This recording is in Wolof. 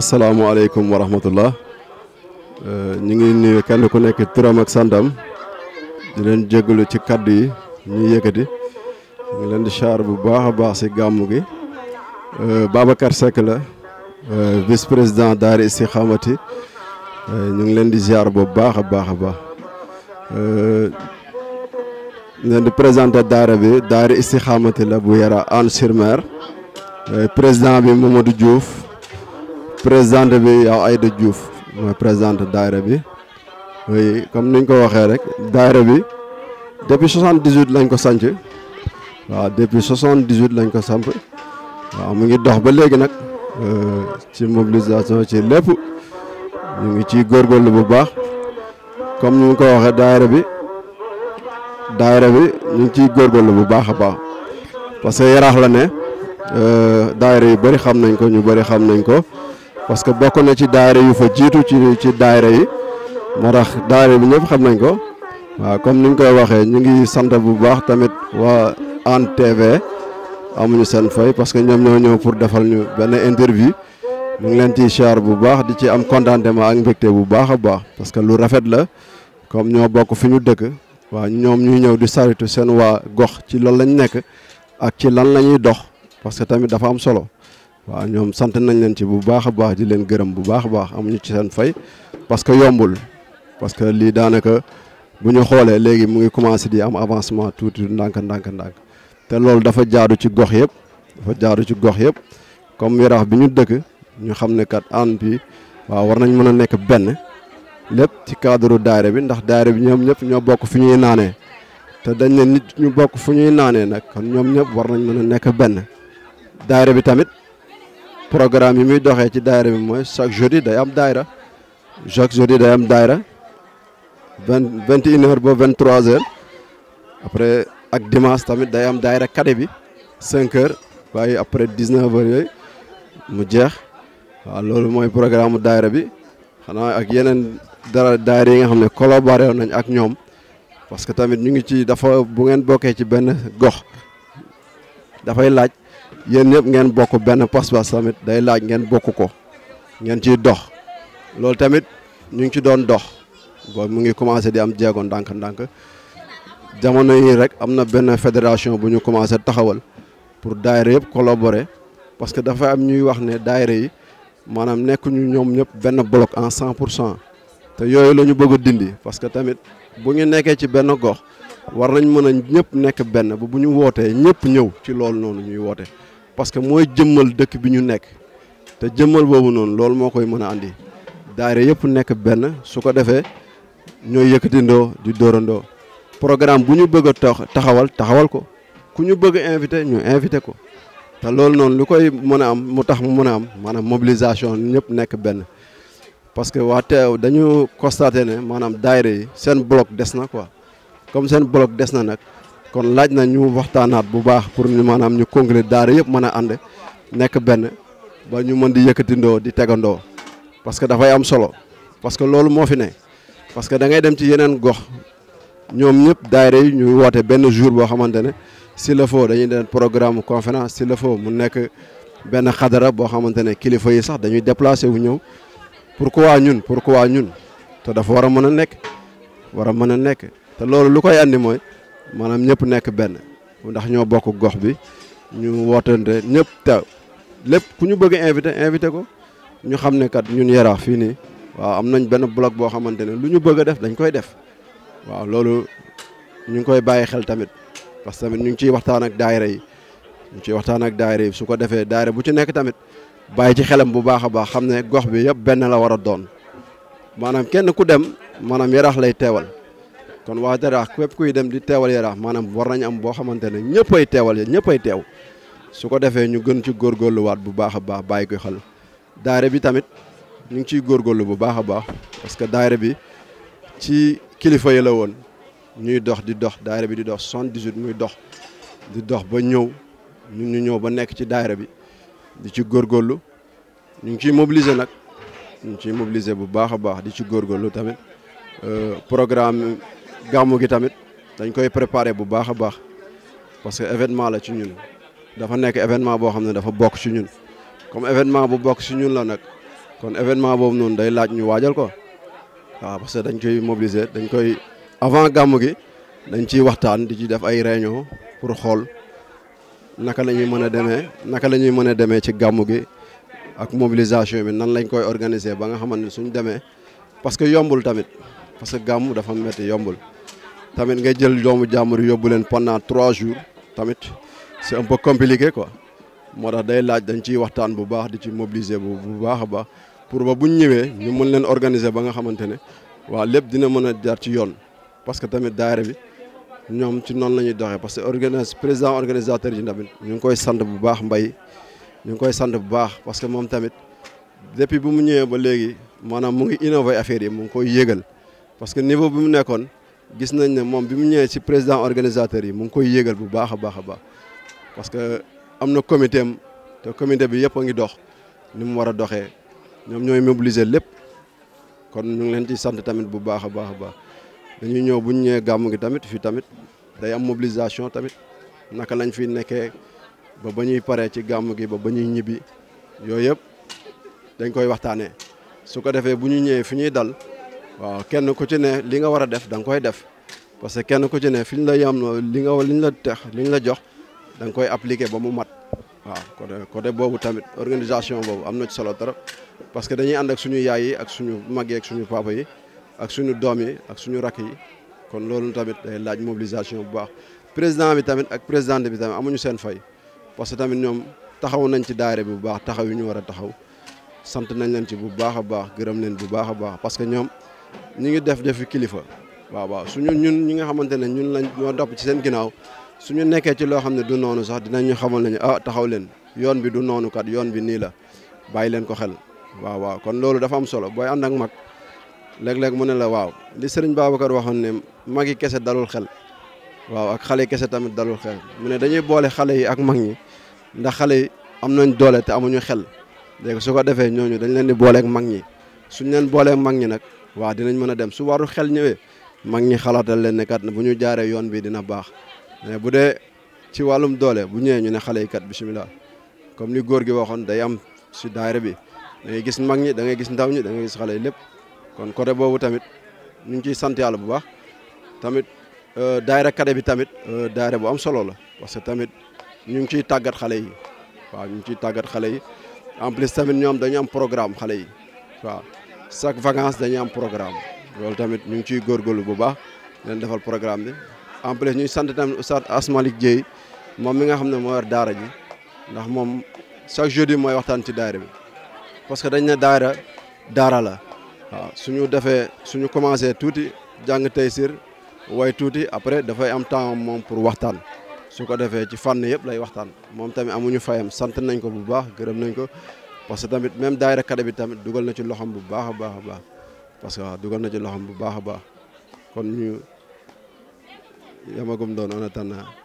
asalaamaaleykum wa rahmatullah ñu ngi nuyu kenn ku nekk turam ak santam di leen jégalu ci kàddu yi ñuy yëkkati ñu ngi leen di char bu baax a baax ci gàmmu gi euh, Babacar Seck la euh, vice président daara Istikhamaty euh, ñu ngi leen di ziar bu baax a baax a baax leen di présenté daara bi daara Istikhamaty la bu Yara Anne sur Mer président bi Mamadou Diouf présidente bi yow Aïda Diouf mooy présidente daayira bi oui comme niñ ko waxee rek daayira bi depuis 78 lañ ko sanc waaw depuis 78 lañ ko samp waaw mu ngi dox ba léegi nag euh, ci mobilisation ci lépp mu ngi ci ciy góorgóorlu bu baax comme ni ñu ko waxee daayira bi daayira bi ñu ci ciy góorgóorlu bu baax a baax parce que yaraax la ne euh, daayira yu bëri xam nañ ko ñu bëri xam nañ ko parce que bokk na ci daayira yu fa jiitu ci ci daayira yi moo tax daayira bi ñëpp xam nañ ko waaw comme niñ koy waxee ñu ngi sant bu baax tamit waa Hann TV amuñu seen fay parce que ñoom ñoo ñëw pour defal ñu benn interview ñu ngi leen ciy siyaar bu baax di ci am contentement ak mbégte bu baax a baax parce que lu rafet la comme ñoo bokk fi ñu dëkk waaw ñoom ñuy ñëw di saritu seen waa gox ci loolu lañ nekk ak ci lan la dox parce que tamit dafa am solo waaw ñoom sant nañ leen ci bu baax a baax di leen gërëm bu baax a baax amuñu ci seen fay parce que yombul parce que lii daanaka bu ñu xoolee léegi mu ngi commencé di am avancement tuuti ndànk ndànk ndànk te loolu dafa jaadu ci gox yëpp dafa jaadu ci gox yëpp comme yarax bi ñu dëkk ñu xam ne kat an bi waaw war nañ mën a nekk benn lépp ci cadre daayira bi ndax daayira bi ñoom ñëpp ñoo bokk fu ñuy naanee te dañ ne nit ñu bokk fu ñuy naanee nag kon ñoom ñëpp war nañ mën a nekk benn daayira bi tamit programme yi muy doxee ci daayira bi mooy chaque jeudi day am daayira chaque jeudi day am daayira vingt vingt et une heures ba vingt trois après ak dimanche tamit day am daayira kade bi cinq heures waaye après dix neuf heures mu jeex waa loolu mooy programme mu daayira bi xanaa ak yeneen dara daayira yi nga xam ne collaboré nañ ak ñoom parce que tamit ñu ngi ci dafa bu ngeen bokkee ci benn gox dafay laaj. yéen ñëpp ngeen bokk benn pas-pas tamit day laaj ngeen bokk ko ngeen ciy dox loolu tamit ñu ngi ci doon dox boobu mu ngi commencé di am jéego ndànk-ndànk jamono yi rek am na benn fédération bu ñu commencé taxawal pour daayira yëpp collaborer parce que dafa am ñuy wax ne daayira yi maanaam nekk ñu ñoom ñëpp benn bloc en cent pour cent te yooyu la ñu bëgg a dindi parce que tamit bu ñu nekkee ci benn gox war nañ mën a ñëpp nekk benn ba bu ñu wootee ñëpp ñëw ci loolu noonu ñuy woote parce que mooy jëmmal dëkk bi ñu nekk te jëmmal boobu noonu loolu moo koy mën a andi daayira yëpp nekk benn su ko defee ñooy yëkkatindoo di dóorandoo programme bu ñu bëgg a taxawal taxawal ko ku ñu bëgg invité ñu invité ko te loolu noonu lu koy mën a am mu tax mu mën a am maanaam mobilisation ñëpp nekk benn parce que waa teew dañu constaté ne maanaam daayira yi seen bloc des na ko comme seen bloc des na nag kon laaj na ñu waxtaanaat bu baax pour ñu am ñu congrès daara yëpp mën a ànd nekk benn ba ñu mën di yëkkatindoo di tegandoo parce que dafay am solo parce que loolu moo fi ne parce que da ngay dem ci yeneen gox ñoom ñëpp daayira yi ñu woote benn jour boo xamante ne s'il le faut dañuy def programme conférence s'il le faut mu nekk benn xadara boo xamante ne kilifa yi sax dañuy déplacé wu ñëw pourquoi ñun pour pourquoi ñun te dafa war a mën a nekk war a mën a nekk te loolu lu koy andi mooy maanaam ñëpp nekk benn ndax ñoo bokk gox bi ñu wootante ñëpp teew lépp ku ñu bëgg invité invité ko ñu xam ne kat ñun yaraax fii nii waaw am nañ benn bloc boo xamante ne lu ñu bëgg a def dañ koy def waaw loolu ñu ngi koy bàyyi xel tamit parce que tamit ñu ngi ciy waxtaan ak daayira yi ñu ciy waxtaan ak daayira yi su ko defee daayira bu ci nekk tamit bàyyi ci xelam bu baax a baax xam ne gox bi yëpp benn la war a doon maanaam kenn ku dem maanaam yaraax lay teewal kon waa yaraax képp kuy dem di teewal yaraax maanaam war nañ am boo xamante ne ñëpp ay teewal ñëpp ay teew su ko defee ñu gën ci góor góorgóorluwaat bu baax a baax bàyyi koy xel daayira bi tamit ñu ngi ciy góorlu bu baax a baax parce que daayira bi ci kilifa yi la woon ñuy dox di dox daayira bi di dox soixante-dix-huit muy dox di dox ba ñëw ñun ñu ñëw ba nekk ci daayira bi di ci góor góorlu ñu ngi ciy mobiliser nag ñu ngi ciy mobiliser bu baax a baax di ci góor góorlu tamit euh, programme gàmmu gi tamit dañ koy préparer bu baax a baax parce que événement la ci ñun dafa nekk événement boo xam ne dafa bokk ci ñun comme événement bu bokk ci ñun la nag kon événement boobu noonu day laaj ñu waajal ko waaw parce que dañ koy mobiliser dañ koy avant gàmmu gi dañ ciy waxtaan di ci def ay réunion pour xool naka la ñuy mën a demee naka la ñuy mën a demee ci gàmmu gi ak mobilisation bi nan lañ koy organiser ba nga xamante ne suñ demee parce que yombul tamit parce que gàmmu dafa metti yombul tamit ngay jël doomu jàmbur yóbbu leen pendant 3 jours tamit c'est un peu compliqué quoi moo day laaj dañ ci waxtaan bu baax di ci mobiliser bu bu baax ba pour ba bu ñëwé ñu mën leen organiser ba nga xamantene wa waaw lépp dina mëna a jaar ci yoon parce que tamit daayira bi ñom ci non lañuy ñuy parce que organise président organisateur yi tamit ñu ngi koy sante bu baax mbay ñu ngi koy sante bu baax parce que mom tamit depuis bu mu ñëwé ba légui manam mu ngi innover affaire yi mu ngi koy yëgal. parce que niveau bi mu nekkoon gis nañ ne moom bi mu ñëwee si président organisateur yi mu ngi koy yéegal bu baax a baax a baax parce que am na comité te comité bi yëpp a ngi dox ni mu war a doxee ñoom ñooy mobiliser lépp kon ñu ngi leen ci sant tamit bu baax a baax a baax dañuy ñëw bu ñu ñëwee gàmmu gi tamit fii tamit day am mobilisation tamit naka lañ fi nekkee ba ba ñuy paree ci gàmmu gi ba ba ñuy ñibbi yooyu yëpp dañ koy waxtaanee su ko defee bu ñu ñëwee fi ñuy dal. waaw kenn ku ci ne li nga war a def da nga koy def parce que kenn ku ci ne fi ñu la yam li nga li ñu la tex li ñu la jox danga koy appliquer ba mu mat waaw côté côté boobu tamit organisation boobu am na ci solo trop parce que dañuy ànd ak suñu yaay yi ak suñu mag yi ak suñu papa yi ak suñu doom yi ak suñu rakk yi kon loolu tamit day laaj mobilisation bu baax président bi tamit ak présidente bi tamit amuñu seen fay parce que tamit ñoom taxaw nañ ci daare bu baax taxaw yi ñu war a taxaw sant nañ leen ci bu baax a baax gërëm leen bu baax a baax parce que ñoom ñu ngi def defi kilifa waaw waaw suñu ñun ñi nga xamante ne ñun lañ ñoo dopp ci seen ginnaaw suñu nekkee ci loo xam ne du noonu sax dinañu xamal nañu ah taxaw leen yoon bi du noonu kat yoon bi nii la bàyyi leen ko xel waaw waaw kon loolu dafa am solo booy ànd ak mag léeg-léeg mu ne la waaw li sëriñ Babacar waxoon ne mag yi kese dalul xel waaw ak xale yi kese tamit dalul xel mu ne dañuy boole xale yi ak mag ñi ndax xale yi am nañ doole te amuñu xel léegi su ko defee ñooñu dañ leen di booleek mag ñi suñ leen booleek mag ñi nag waaw dinañ mën a dem su waru xel ñëwee mag ñi xalaatal leen ne kat bu ñu jaaree yoon bi dina baax mais bu dee ci wàllum doole bu ñëwee ñu ne xale yi kat bisimilah comme ni góor gi waxoon day am si daayira bi da gis mag ñi da ngay gis ndaw ñi da ngay gis xale yi lépp kon côté boobu tamit ñu ngi ciy sant yàlla bu baax tamit euh, daayira kade bi tamit euh, daayira bu am solo la parce que tamit ñu ngi ciy tàggat xale yi waa ñu ngi ciy tàggat xale yi en plus tamit ñoom dañu am programme xale yi waaw chaque vacance dañuy am programme loolu tamit ñu ngi ciy góorgóorlu bu baax leen defal programme bi en plus ñuy sant tamit Oustaz Asmalik Dieye moom mi nga xam ne moo yor daara ji ndax moom chaque jeudi mooy waxtaan ci daara bi parce que dañ ne daara daara la waaw su ñu defee suñu commencé tuuti jàng taysir way tuuti après dafay am temps moom pour waxtaan su ko defee ci fànn yëpp lay waxtaan moom tamit amuñu fayam sant nañ ko bu baax gërëm nañ ko parce que tamit même daayira kada bi tamit dugal na ci loxom bu baax a baax baax parce que dugal na ci loxam bu baax a baax kon ñu yamagum doon on attend